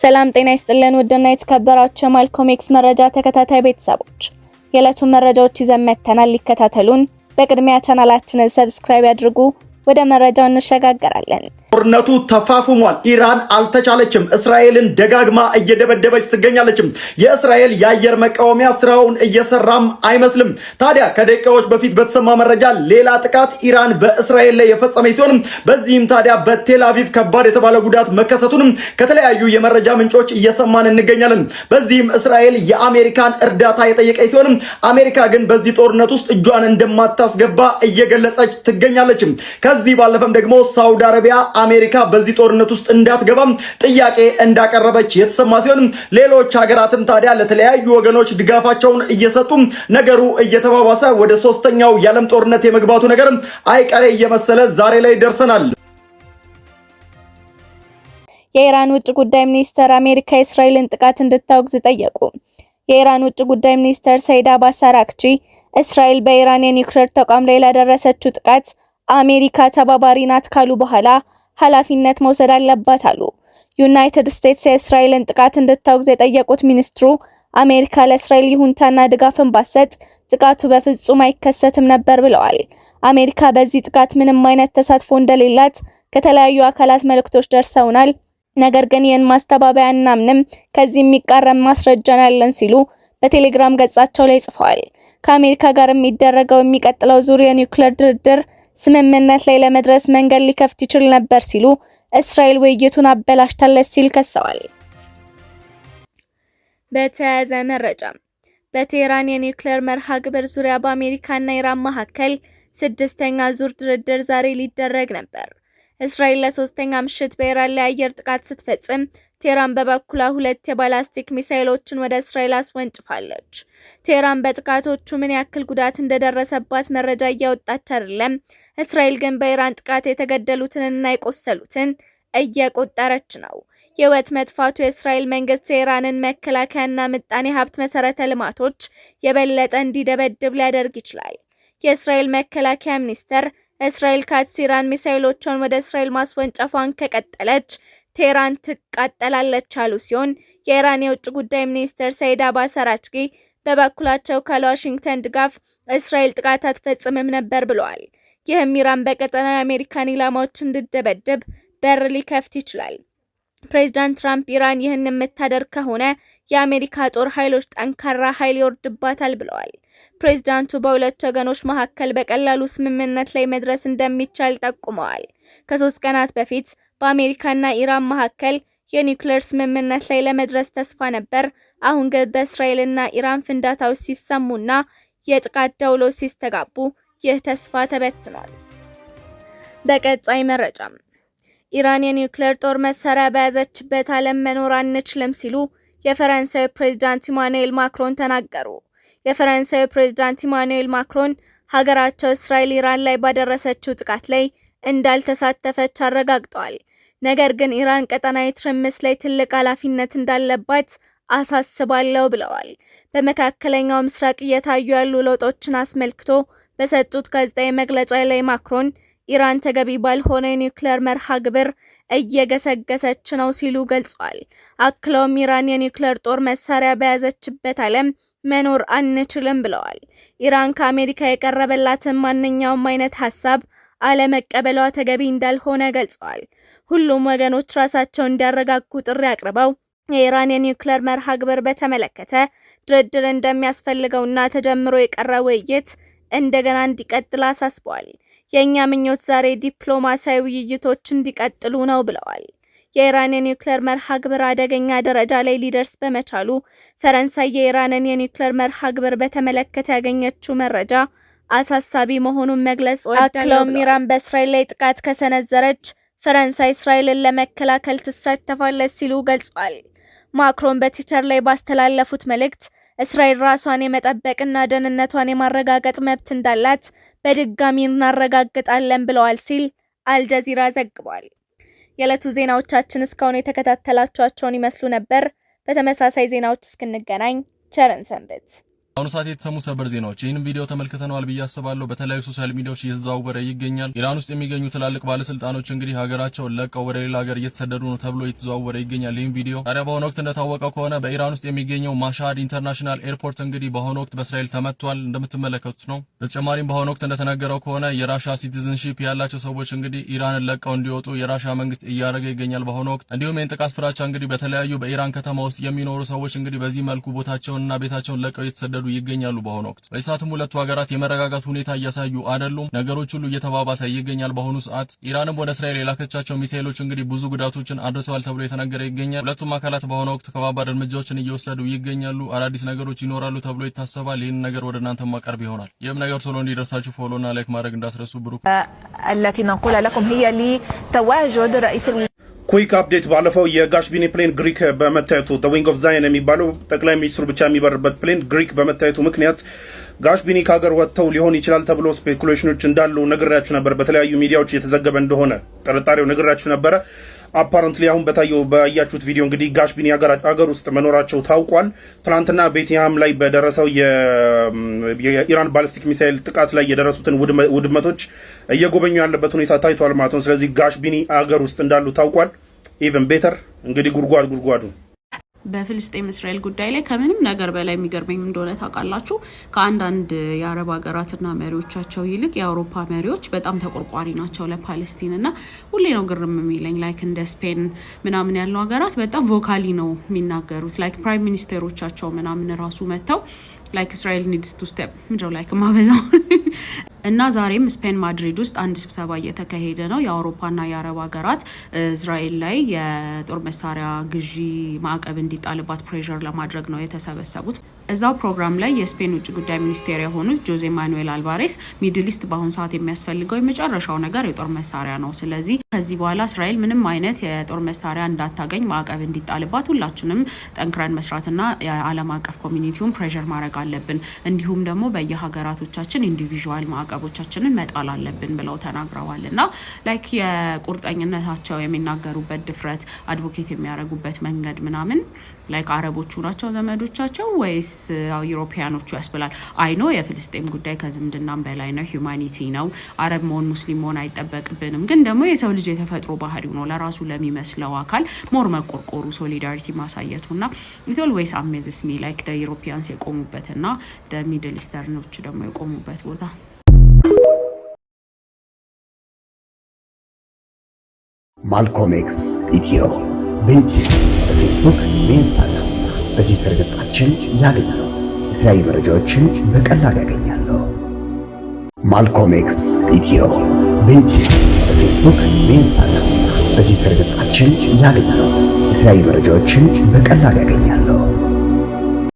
ሰላም ጤና ይስጥልን ውድና የተከበራችሁ የማልኮም ኤክስ መረጃ ተከታታይ ቤተሰቦች የዕለቱን መረጃዎች ይዘን መጥተናል። ሊከታተሉን በቅድሚያ ቻናላችንን ሰብስክራይብ ያድርጉ። ወደ መረጃው እንሸጋገራለን። ጦርነቱ ተፋፍሟል። ኢራን አልተቻለችም። እስራኤልን ደጋግማ እየደበደበች ትገኛለችም። የእስራኤል የአየር መቃወሚያ ስራውን እየሰራም አይመስልም። ታዲያ ከደቂቃዎች በፊት በተሰማ መረጃ ሌላ ጥቃት ኢራን በእስራኤል ላይ የፈጸመች ሲሆንም በዚህም ታዲያ በቴል አቪቭ ከባድ የተባለ ጉዳት መከሰቱንም ከተለያዩ የመረጃ ምንጮች እየሰማን እንገኛለን። በዚህም እስራኤል የአሜሪካን እርዳታ የጠየቀች ሲሆንም አሜሪካ ግን በዚህ ጦርነት ውስጥ እጇን እንደማታስገባ እየገለጸች ትገኛለችም። ከዚህ ባለፈም ደግሞ ሳውዲ አረቢያ አሜሪካ በዚህ ጦርነት ውስጥ እንዳትገባም ጥያቄ እንዳቀረበች የተሰማ ሲሆን ሌሎች ሀገራትም ታዲያ ለተለያዩ ወገኖች ድጋፋቸውን እየሰጡ ነገሩ እየተባባሰ ወደ ሶስተኛው የዓለም ጦርነት የመግባቱ ነገር አይቀሬ እየመሰለ ዛሬ ላይ ደርሰናል። የኢራን ውጭ ጉዳይ ሚኒስተር አሜሪካ የእስራኤልን ጥቃት እንድታወግዝ ጠየቁ። የኢራን ውጭ ጉዳይ ሚኒስተር ሰይድ አባስ አራክቺ እስራኤል በኢራን የኒውክሌር ተቋም ላይ ላደረሰችው ጥቃት አሜሪካ ተባባሪ ናት ካሉ በኋላ ኃላፊነት መውሰድ አለባት አሉ። ዩናይትድ ስቴትስ የእስራኤልን ጥቃት እንድታወግዝ የጠየቁት ሚኒስትሩ አሜሪካ ለእስራኤል ይሁንታና ድጋፍን ባሰጥ ጥቃቱ በፍጹም አይከሰትም ነበር ብለዋል። አሜሪካ በዚህ ጥቃት ምንም አይነት ተሳትፎ እንደሌላት ከተለያዩ አካላት መልእክቶች ደርሰውናል። ነገር ግን ይህን ማስተባበያ እናምንም፣ ከዚህ የሚቃረም ማስረጃ አለን ሲሉ በቴሌግራም ገጻቸው ላይ ጽፈዋል። ከአሜሪካ ጋር የሚደረገው የሚቀጥለው ዙር የኒውክሌር ድርድር ስምምነት ላይ ለመድረስ መንገድ ሊከፍት ይችል ነበር ሲሉ እስራኤል ውይይቱን አበላሽታለች ሲል ከሰዋል። በተያያዘ መረጃ በቴህራን የኒውክሌር መርሃ ግብር ዙሪያ በአሜሪካና ኢራን መካከል ስድስተኛ ዙር ድርድር ዛሬ ሊደረግ ነበር። እስራኤል ለሶስተኛ ምሽት በኢራን ላይ አየር ጥቃት ስትፈጽም ቴህራን በበኩሏ ሁለት የባላስቲክ ሚሳይሎችን ወደ እስራኤል አስወንጭፋለች። ቴህራን በጥቃቶቹ ምን ያክል ጉዳት እንደደረሰባት መረጃ እያወጣች አይደለም። እስራኤል ግን በኢራን ጥቃት የተገደሉትንና የቆሰሉትን እየቆጠረች ነው። የህይወት መጥፋቱ የእስራኤል መንግስት የኢራንን መከላከያና ምጣኔ ሀብት መሰረተ ልማቶች የበለጠ እንዲደበድብ ሊያደርግ ይችላል። የእስራኤል መከላከያ ሚኒስቴር እስራኤል ካትስ ኢራን ሚሳይሎቿን ወደ እስራኤል ማስወንጨፏን ከቀጠለች ቴህራን ትቃጠላለች አሉ ሲሆን የኢራን የውጭ ጉዳይ ሚኒስትር ሰይድ አባስ በበኩላቸው ካለ ድጋፍ እስራኤል ጥቃት አትፈጽምም ነበር ብለዋል። ይህም ኢራን በቀጠና የአሜሪካን ኢላማዎች እንድደበድብ በር ሊከፍት ይችላል። ፕሬዚዳንት ትራምፕ ኢራን ይህን የምታደርግ ከሆነ የአሜሪካ ጦር ኃይሎች ጠንካራ ኃይል ይወርድባታል ብለዋል። ፕሬዚዳንቱ በሁለቱ ወገኖች መካከል በቀላሉ ስምምነት ላይ መድረስ እንደሚቻል ጠቁመዋል። ከሶስት ቀናት በፊት በአሜሪካና ኢራን መካከል የኒውክሌር ስምምነት ላይ ለመድረስ ተስፋ ነበር። አሁን ግን በእስራኤልና ኢራን ፍንዳታዎች ሲሰሙና የጥቃት ደውሎች ሲስተጋቡ ይህ ተስፋ ተበትኗል። በቀጣይ መረጃም ኢራን የኒውክሌር ጦር መሳሪያ በያዘችበት ዓለም መኖር አንችልም ሲሉ የፈረንሳይ ፕሬዚዳንት ኢማኑኤል ማክሮን ተናገሩ። የፈረንሳዊ ፕሬዚዳንት ኢማኑኤል ማክሮን ሀገራቸው እስራኤል ኢራን ላይ ባደረሰችው ጥቃት ላይ እንዳልተሳተፈች አረጋግጠዋል። ነገር ግን ኢራን ቀጠናዊ ትርምስ ላይ ትልቅ ኃላፊነት እንዳለባት አሳስባለሁ ብለዋል። በመካከለኛው ምስራቅ እየታዩ ያሉ ለውጦችን አስመልክቶ በሰጡት ጋዜጣዊ መግለጫ ላይ ማክሮን ኢራን ተገቢ ባልሆነ የኒውክሌር መርሃ ግብር እየገሰገሰች ነው ሲሉ ገልጿል። አክለውም ኢራን የኒውክሌር ጦር መሳሪያ በያዘችበት ዓለም መኖር አንችልም ብለዋል። ኢራን ከአሜሪካ የቀረበላትን ማንኛውም አይነት ሀሳብ አለመቀበሏ ተገቢ እንዳልሆነ ገልጸዋል። ሁሉም ወገኖች ራሳቸውን እንዲያረጋጉ ጥሪ አቅርበው የኢራን የኒውክሌር መርሃ ግብር በተመለከተ ድርድር እንደሚያስፈልገውና ተጀምሮ የቀረ ውይይት እንደገና እንዲቀጥል አሳስበዋል። የእኛ ምኞት ዛሬ ዲፕሎማሲያዊ ውይይቶች እንዲቀጥሉ ነው ብለዋል። የኢራን የኒውክሌር መርሃ ግብር አደገኛ ደረጃ ላይ ሊደርስ በመቻሉ ፈረንሳይ የኢራንን የኒውክሌር መርሃ ግብር በተመለከተ ያገኘችው መረጃ አሳሳቢ መሆኑን መግለጽ አክለው ኢራን በእስራኤል ላይ ጥቃት ከሰነዘረች ፈረንሳይ እስራኤልን ለመከላከል ትሳተፋለች ሲሉ ገልጿል። ማክሮን በትዊተር ላይ ባስተላለፉት መልእክት እስራኤል ራሷን የመጠበቅና ደህንነቷን የማረጋገጥ መብት እንዳላት በድጋሚ እናረጋግጣለን ብለዋል ሲል አልጀዚራ ዘግቧል። የዕለቱ ዜናዎቻችን እስካሁን የተከታተላችኋቸውን ይመስሉ ነበር። በተመሳሳይ ዜናዎች እስክንገናኝ ቸርን ሰንብት። በአሁኑ ሰዓት የተሰሙ ሰበር ዜናዎች ይህንም ቪዲዮ ተመልክተነዋል ብዬ አስባለሁ። በተለያዩ ሶሻል ሚዲያዎች እየተዘዋወረ ይገኛል። ኢራን ውስጥ የሚገኙ ትላልቅ ባለስልጣኖች እንግዲህ ሀገራቸውን ለቀው ወደ ሌላ ሀገር እየተሰደዱ ነው ተብሎ እየተዘዋወረ ይገኛል። ይህም ቪዲዮ ታዲያ በአሁኑ ወቅት እንደታወቀ ከሆነ በኢራን ውስጥ የሚገኘው ማሻድ ኢንተርናሽናል ኤርፖርት እንግዲህ በአሁኑ ወቅት በእስራኤል ተመቷል እንደምትመለከቱት ነው። በተጨማሪም በአሁኑ ወቅት እንደተነገረው ከሆነ የራሻ ሲቲዝንሺፕ ያላቸው ሰዎች እንግዲህ ኢራንን ለቀው እንዲወጡ የራሻ መንግስት እያደረገ ይገኛል በአሁኑ ወቅት። እንዲሁም ይህን ጥቃት ፍራቻ እንግዲህ በተለያዩ በኢራን ከተማ ውስጥ የሚኖሩ ሰዎች እንግዲህ በዚህ መልኩ ቦታቸውንና ቤታቸውን ለቀው እየተሰደዱ ይገኛሉ። በአሁኑ ወቅት በኢሳትም ሁለቱ ሀገራት የመረጋጋት ሁኔታ እያሳዩ አይደሉም። ነገሮች ሁሉ እየተባባሰ ይገኛል። በአሁኑ ሰዓት ኢራንም ወደ እስራኤል የላከቻቸው ሚሳኤሎች እንግዲህ ብዙ ጉዳቶችን አድርሰዋል ተብሎ የተነገረ ይገኛል። ሁለቱም አካላት በአሁኑ ወቅት ከባባድ እርምጃዎችን እየወሰዱ ይገኛሉ። አዳዲስ ነገሮች ይኖራሉ ተብሎ ይታሰባል። ይህን ነገር ወደ እናንተ ማቀርብ ይሆናል። ይህም ነገር ቶሎ እንዲደርሳችሁ ፎሎና ላይክ ማድረግ እንዳስረሱ ብሩክ ኩዊክ አፕዴት ባለፈው የጋሽቢኒ ፕሌን ግሪክ በመታየቱ ዊንግ ኦፍ ዛይን የሚባለው ጠቅላይ ሚኒስትሩ ብቻ የሚበርበት ፕሌን ግሪክ በመታየቱ ምክንያት ጋሽቢኒ ከሀገር ወጥተው ሊሆን ይችላል ተብሎ ስፔኩሌሽኖች እንዳሉ ነግሬያችሁ ነበር። በተለያዩ ሚዲያዎች እየተዘገበ እንደሆነ ጥርጣሬው ነግሬያችሁ ነበረ። አፓረንትሊ አሁን በታየው በያችሁት ቪዲዮ እንግዲህ ጋሽቢኒ ሀገር ውስጥ መኖራቸው ታውቋል። ትናንትና ቤቲያም ላይ በደረሰው የኢራን ባሊስቲክ ሚሳይል ጥቃት ላይ የደረሱትን ውድመቶች እየጎበኙ ያለበት ሁኔታ ታይቷል ማለት ነው። ስለዚህ ጋሽቢኒ ሀገር ውስጥ እንዳሉ ታውቋል። ኢቨን ቤተር እንግዲህ ጉድጓድ ጉድጓዱ በፍልስጤም እስራኤል ጉዳይ ላይ ከምንም ነገር በላይ የሚገርመኝ እንደሆነ ታውቃላችሁ፣ ከአንዳንድ የአረብ ሀገራትና መሪዎቻቸው ይልቅ የአውሮፓ መሪዎች በጣም ተቆርቋሪ ናቸው ለፓለስቲን እና ሁሌ ነው ግርም የሚለኝ ላይክ እንደ ስፔን ምናምን ያሉ ሀገራት በጣም ቮካሊ ነው የሚናገሩት። ላይክ ፕራይም ሚኒስቴሮቻቸው ምናምን ራሱ መጥተው ላይክ እስራኤል ኒድስ ቱ ስቴፕ ምድረው ላይክ ማበዛው እና ዛሬም ስፔን ማድሪድ ውስጥ አንድ ስብሰባ እየተካሄደ ነው። የአውሮፓና የአረብ ሀገራት እስራኤል ላይ የጦር መሳሪያ ግዢ ማዕቀብ እንዲጣልባት ፕሬር ለማድረግ ነው የተሰበሰቡት። እዛው ፕሮግራም ላይ የስፔን ውጭ ጉዳይ ሚኒስቴር የሆኑት ጆዜ ማኑኤል አልቫሬስ ሚድል ኢስት በአሁኑ ሰዓት የሚያስፈልገው የመጨረሻው ነገር የጦር መሳሪያ ነው። ስለዚህ ከዚህ በኋላ እስራኤል ምንም አይነት የጦር መሳሪያ እንዳታገኝ ማዕቀብ እንዲጣልባት ሁላችንም ጠንክረን መስራትና የዓለም አቀፍ ኮሚኒቲውን ፕሬር ማድረግ አለብን። እንዲሁም ደግሞ በየሀገራቶቻችን ኢንዲቪ የቪዥዋል ማዕቀቦቻችንን መጣል አለብን ብለው ተናግረዋል። እና ላይክ የቁርጠኝነታቸው የሚናገሩበት ድፍረት፣ አድቮኬት የሚያደርጉበት መንገድ ምናምን ላይክ አረቦቹ ናቸው ዘመዶቻቸው ወይስ ዩሮፒያኖቹ ያስብላል። አይኖ የፍልስጤም ጉዳይ ከዝምድናም በላይ ነው፣ ማኒቲ ነው። አረብ መሆን ሙስሊም መሆን አይጠበቅብንም። ግን ደግሞ የሰው ልጅ የተፈጥሮ ባህሪው ነው ለራሱ ለሚመስለው አካል ሞር መቆርቆሩ፣ ሶሊዳሪቲ ማሳየቱ ና ኢትል ወይስ አሜዝስ ላይክ ዩሮፒያንስ የቆሙበት ና ሚድል ኢስተርኖች ደግሞ የቆሙበት ቦታ ማልኮም ኤክስ ኢትዮ በዩትዩብ በፌስቡክ በኢንስታግራም በትዊተር ገጻችን ያገኛሉ። የተለያዩ መረጃዎችን በቀላሉ ያገኛሉ። ማልኮም ኤክስ ኢትዮ በዩትዩብ በፌስቡክ በኢንስታግራም በትዊተር ገጻችን ያገኛሉ። የተለያዩ መረጃዎችን በቀላሉ ያገኛሉ።